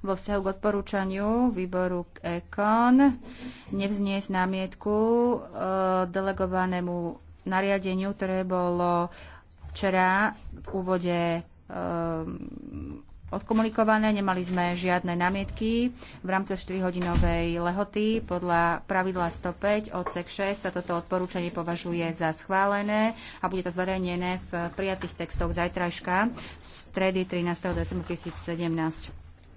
vo vzťahu k odporúčaniu výboru k EKON nevzniesť námietku e, delegovanému nariadeniu, ktoré bolo včera v úvode e, odkomunikované, nemali sme žiadne námietky v rámci 4-hodinovej lehoty. Podľa pravidla 105 odsek 6 sa toto odporúčanie považuje za schválené a bude to zverejnené v prijatých textoch zajtrajška stredy 13. decembra 2017.